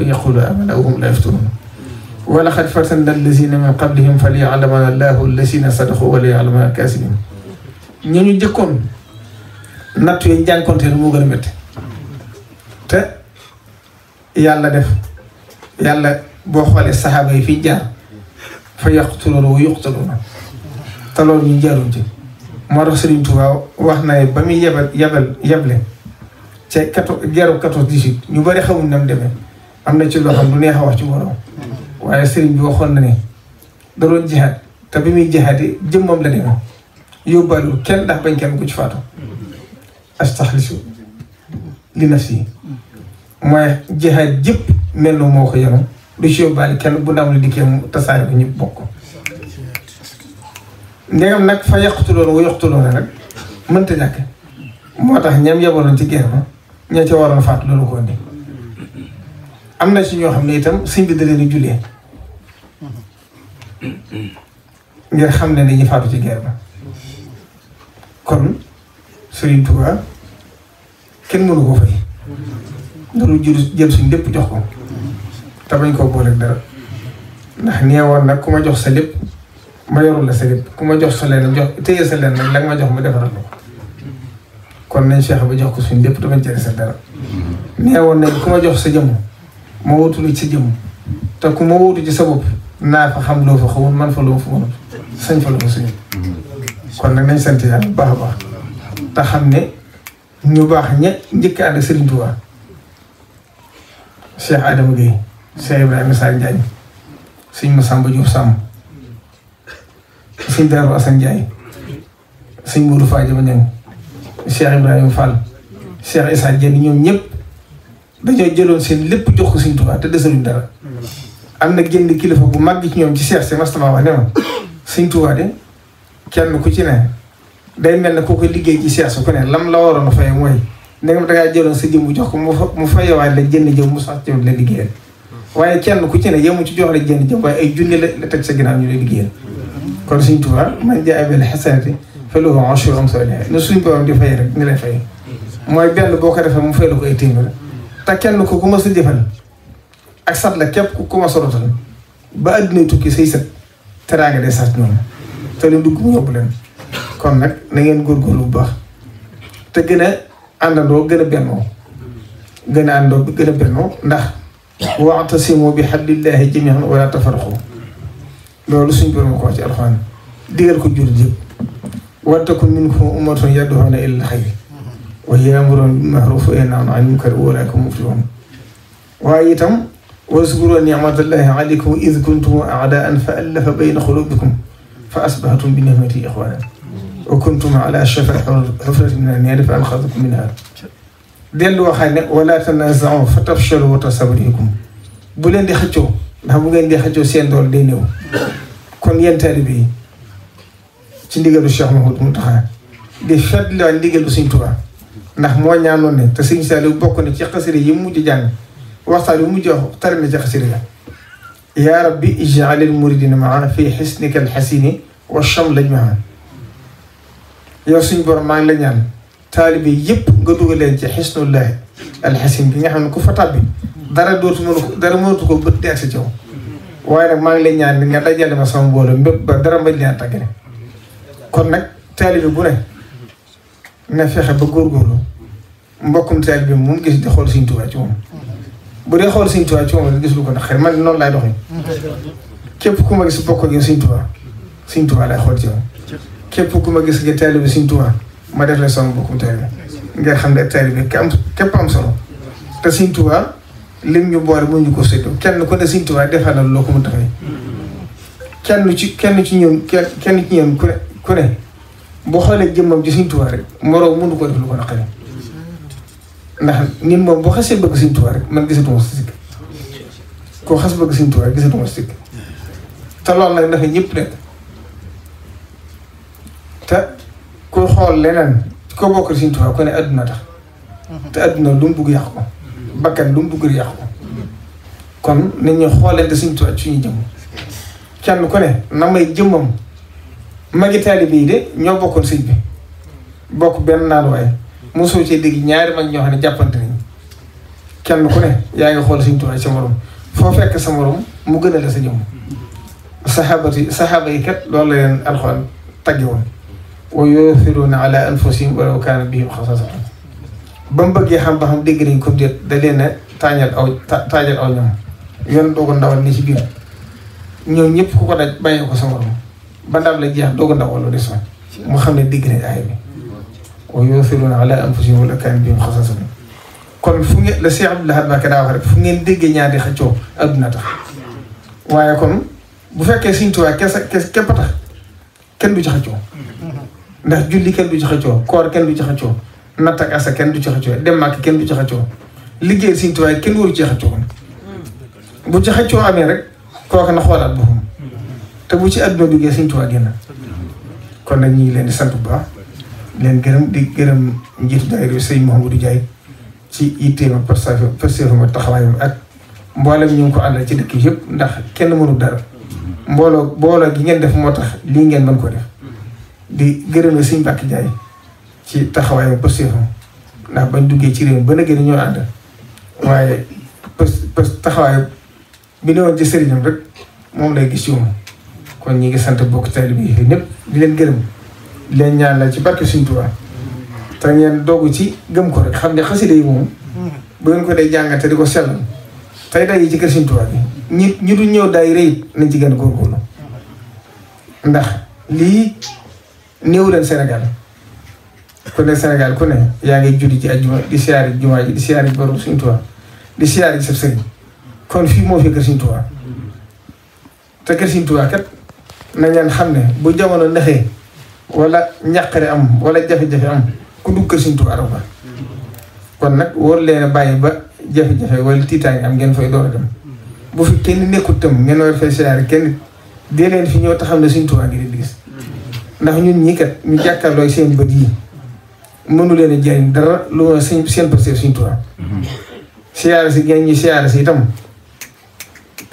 يقولوا آمنا وهم لا يفتنون ولقد فتنا الذين من قبلهم فليعلمنا الله الذين صدقوا وليعلمنا الكاذبين ñi ñu jëkkoon natt yi jànkonteel moo gën a métti te yàlla def yàlla boo xoolee saxaaba yi fi jaar fa yaqtuluuna wa loolu ñu jaaruñ ci moo tax Sëriñ wax na ba muy yebal yebal yeble ca quatorze geeru quatorze dix-huit ñu bëri xamuñ nam demee am na ci loxo xam du neex a wax ci mbooloo waaye sëriñ bi waxoon na ne da doon te bi muy jihaatee jëmmam la demee kenn ndax bañ kenn ku ci faatu astaxlisu li nafsi mooy jihaat jëpp mel na moo ko yoroon du ci yóbbaale kenn bu ndam la dikkee mu tasaare ko ñëpp bokk ndegam nag fa yàqutuloon wu yàqutuloon rek mënta moo tax ñam yabaloon ci guerre ña ca waroon faatu loolu ko indi am na su ñoo xam ne itam sëñ bi da leen jullee ngir xam ne dañuy faatu ci guerre ba kon Serigne Touba kenn mënu ko fay dañu jël jël suñ lépp jox ko te bañ koo booleeg dara ndax neewoon nag ku ma jox sa lépp ma yorul la sa lépp ku ma jox sa leen jox téye sa leen nag la nga ma jox ma defaral ko kon nañ Cheikh ba jox ko suñ lépp te bañ cee desal dara neewoon nañ ku ma jox sa jëmm. moo wóotul ci sa te ku ma wóotu ci sa naa fa xam loo fa xamul man fa loo fa mënul sañ fa loo fa suñu kon nag nañ sant yàlla baax a baax te xam ne ñu baax ña njëkk ànd ak Serigne Touba Cheikh Adama Gueye Cheikh Ibrahima Sall Ndiaye Serigne Massamba Diouf Samb Serigne Darou Assane Ndiaye Serigne Modou Fadjama ñoom ñëpp dañoo jëloon seen lépp jox ko Sëriñ Tuubaa te desaluñ dara. am na génn kilifa bu màgg ci ñoom ci seex si mastama wax ne ma Sëriñ Tuubaa de kenn ku ci day mel ne koo ko liggéey ci seex ku ne lam la waroon a fay mooy ndegam ma dangaa jëloon sa jëmm jox ko mu fa mu fayewaay la jënd jëmm mu sax jëm la liggéeyal waaye kenn ku ci ne yemu ci jox la jënd la la teg sa ginnaaw ñu lay liggéeyal kon Sëriñ Tuubaa man jaa bil hasanati falahu ashru amsaalihaa ne suñ borom di fay rek ni lay fay mm-hmm. mooy benn boo ko defee mu fay la ko ay téeméer te kenn ku ko mos a ak sat la képp ku ko mos a rotal ba àddina tukki say sët teraanga day sat noonu te lu dugg mu kon nag na ngeen góorgóorlu lu baax te gën a àndandoo gën a bennoo gën a àndandoo gën a bennoo ndax wa'tasimu bi hablillahi jami'an wala tafarraqu loolu suñ borom ko ci alxuraan digal ko jur yëpp wa takun minkum ummatun yad'una ila al yi wala ya'muruuna bil ma'ruufi wa yanhawna anil munkari wa ulaa'ika humul muflihuun waaye itam wazkuruu ni'matallaahi alaykum iz kuntum a'daa'an fa allafa bayna quluubikum fa asbahtum bi ni'matihi ixwaanan wa kuntum alaa shafaa hufratin minan naari fa anqadhakum minhaa dellu waxaat ne wala tanaaza'uu fa tafshaluu wa tas'aba riihukum bu leen di xëccoo ndax bu ngeen di xëccoo seen doole day néew kon yéen taalibe yi ci ndigalu Cheikh Mouhamadou Mountakha di fàttaliwaat ndigalu Sëriñ Tuubaa ndax moo ñaanoon ne te sëñ Saliou bokk na ci xasida yi mujj jàng waxtaan yu mujj wax tari na ci xasida la yaa rabbi ijaalil muridina maa fi xisnika alxasini wa cham lañ maa yow suñ borom maa ngi la ñaan bi yëpp nga dugal leen ci xisnullahi alxasin bi nga xam ne ku fa tàbbi dara dootu mënu ko dara mënatu ko bët di ak sa waaye nag maa ngi lay ñaan nga dajale ma sama mbooloo mbépp ba dara mbañ leen tàggale kon nag taalibe bu na fexe ba góorgóorlu mbokkum taal bi moom gis di xool Sëriñ Tuubaa ci moom bu dee xool Sëriñ Tuubaa ci moom gis lu ko naqari man noonu laay képp ku ma gis bokk ak yow Sëriñ xool ci moom ku ma gis nga taal bi Sëriñ ma def la sama mbokkum taal nga xam ne ak taal bi am képp am solo te Sëriñ Tuubaa lim ñu boole mu ñu ko séddoo kenn ku ne Sëriñ Tuubaa defal na loo ko mu taxee kenn ci kenn ci ñoom kenn ci ñoom ku ne ku ne boo xoolee jëmmam ji Sëriñ Tuubaa rek moroom mënu koo def lu ko naqari ndax nit moom bu xasee bëgg Sëriñ Tuubaa rek man gisatuma si sikk koo xas bëgg Sëriñ Tuubaa rek gisatuma si sikk te loolu nag ñëpp nekk te xool leneen ko ko ne adduna tax te adduna lu mu bugg yàq ko bakkan lu xoolee te Sëriñ Tuubaa ci ñu jëm kenn ku ne na may jëmmam magi taalibe yi de ñoo bokkoon sëñ bi bokk benn naan waaye mosoo cee dégg ñaari mag ñoo xam ne jàppante nañ kenn ku ne yaa ngi xool sëñ Tuubaa sa morom foo sa morom mu gën a la sa jëmm saxaabati saxaaba yi kat loolu la leen alxuraan tagge woon wa yu'thiruuna ala anfusihim walaw kaana ba mu bëggee xam ba xam dégg nañ ko déet da leen a taañal aw taañal aw ñoom yoon doo ko ndawal ni ci biir ñoom ñëpp ku ko daj bàyyee ko sa morom ba ndam la jeex doog a ndaw wala des na xam ne dégg nañ aay bi wa yu'thiruuna alaa anfusihim walaw kaana bihim xasaasatun kon fu ngeen la Cheikh Abdou Lahad Mbacké daa wax fu ngeen déggee ñaari xëccoo adduna tax waaye kon bu fekkee Sëriñ Tuubaa kese kese képp kenn du ci xëccoo ndax julli kenn du ci xëccoo koor kenn du ci xëccoo natt ak kenn du ci xëccoo dem màkk kenn du ci xëccoo liggéey Sëriñ Tuubaa kenn waru ci xëccoo bu ci xëccoo amee rek kooku na xoolaat boppam te bu ci àdduna duggee sëñ Tuubaa génn kon nag ñu ngi leen di sant bu baax leen gërëm di gërëm njiitu daayira bi sëñ Mouhamadou Ndiaye ci itteem ak pasteefam ak taxawaayam ak mboolem ñu ngi ko ci dëkk yëpp ndax kenn mënul dara mbooloo mbooloo gi def moo tax lii ngeen mën ko def di gërëm sëñ Mbàkke Ndiaye ci taxawaayam pasteefam ndax bañ duggee ci réew mi ba léegi ñoo ànd waaye pas pas bi ne woon ci sëriñam rek moom lay gis ci moom kon ñi ngi sant bokk taalibe yi ñëpp di leen gërëm di leen ñaan la ci barke Sëriñ Tuubaa te ngeen ci gëm ko rek xam ne xasida yi moom bu ngeen ko dee jàngate di ci kër Sëriñ Tuubaa ñi ñi du ñëw daay rëy nañ ci gën a góorgóorlu lii néew leen Sénégal ku ne Sénégal ku ne yaa ngi julli ci ajjuma di siyaar ji jumaa ji di siyaar fi kër Sëriñ Tuubaa kër nañ leen xam ne bu jamono neexee walla njàqare am wala jafe-jafe am ku dugg kër Sëriñ Tuubaa ba kon nag war leen bàyyi ba jafe-jafe wala yi am ngeen fay door a dem bu fi kenn nekkut tam ngeen war fay siyaare kenn dee leen fi ñëw te xam ne Sëriñ Tuubaa ngi di gis ndax ñun ñii kat ñu jàkkaarloo seen bët yi mënu leen a dara lu seen seen pasteur Sëriñ Tuubaa mm-hmm. siyaare si ngeen ñuy siyaare si itam.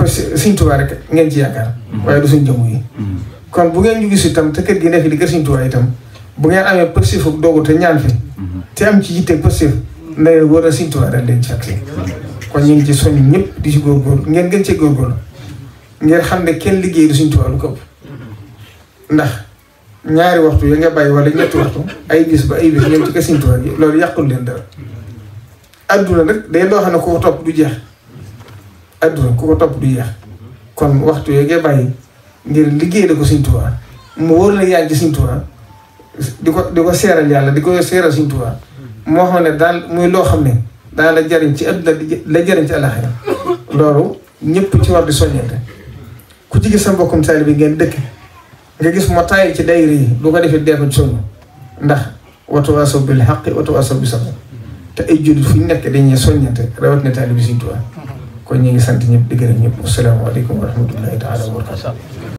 parce que Sëñ Tuubaa rek ngeen ci yaakaar mm-hmm. waaye du suñ jëmm yi mm-hmm. kon bu ngeen ñu gis tam te kër gi nekk di kër Sëñ Tuubaa tam bu ngeen amee pësif doogu te ñaan fi mm-hmm. te am ci yitte pësif na leen wër a Sëñ Tuubaa kon ñu ngi ci soññ ñëpp di ci góorgóorlu ngeen gën cee góorgóorlu ngeen xam ne kenn liggéey du Sëñ Tuubaa lu ndax ñaari waxtu yi nga bàyyi wala ñetti waxtu ay bis ba ay bis ngeen ci kër Sëñ Tuubaa gi loolu yàqul leen dara adduna nag day loo xam ne ko topp du jeex adduna ku ko topp du yéex kon waxtu yooyu ngay bàyyi ngir liggéey la ko Sëñ Tuubaa mu wóor la yaa ngi ci Sëñ Tuubaa di ko di ko seeral yàlla di ko seeral Sëñ Tuubaa moo xam ne daal muy loo xam ne daal la jariñ ci adduna la jariñ ci àllaxira loolu ñëpp ci war di soññante ku ci gis sa mbokkum taalibe bi ngeen dëkk nga gis moo taay ci dayri yi lu ko defee dee ci soññ ndax watuwaasaw bil xaqi watuwaasaw bi sabr te ay jullit fu ñu nekk dañuy soññante rawat ne taalibe bi Sëñ kon ñu ngi sant ñëpp di gërëm ñëpp asalaamaaleykum wa rahmatullahi taala wa barakatu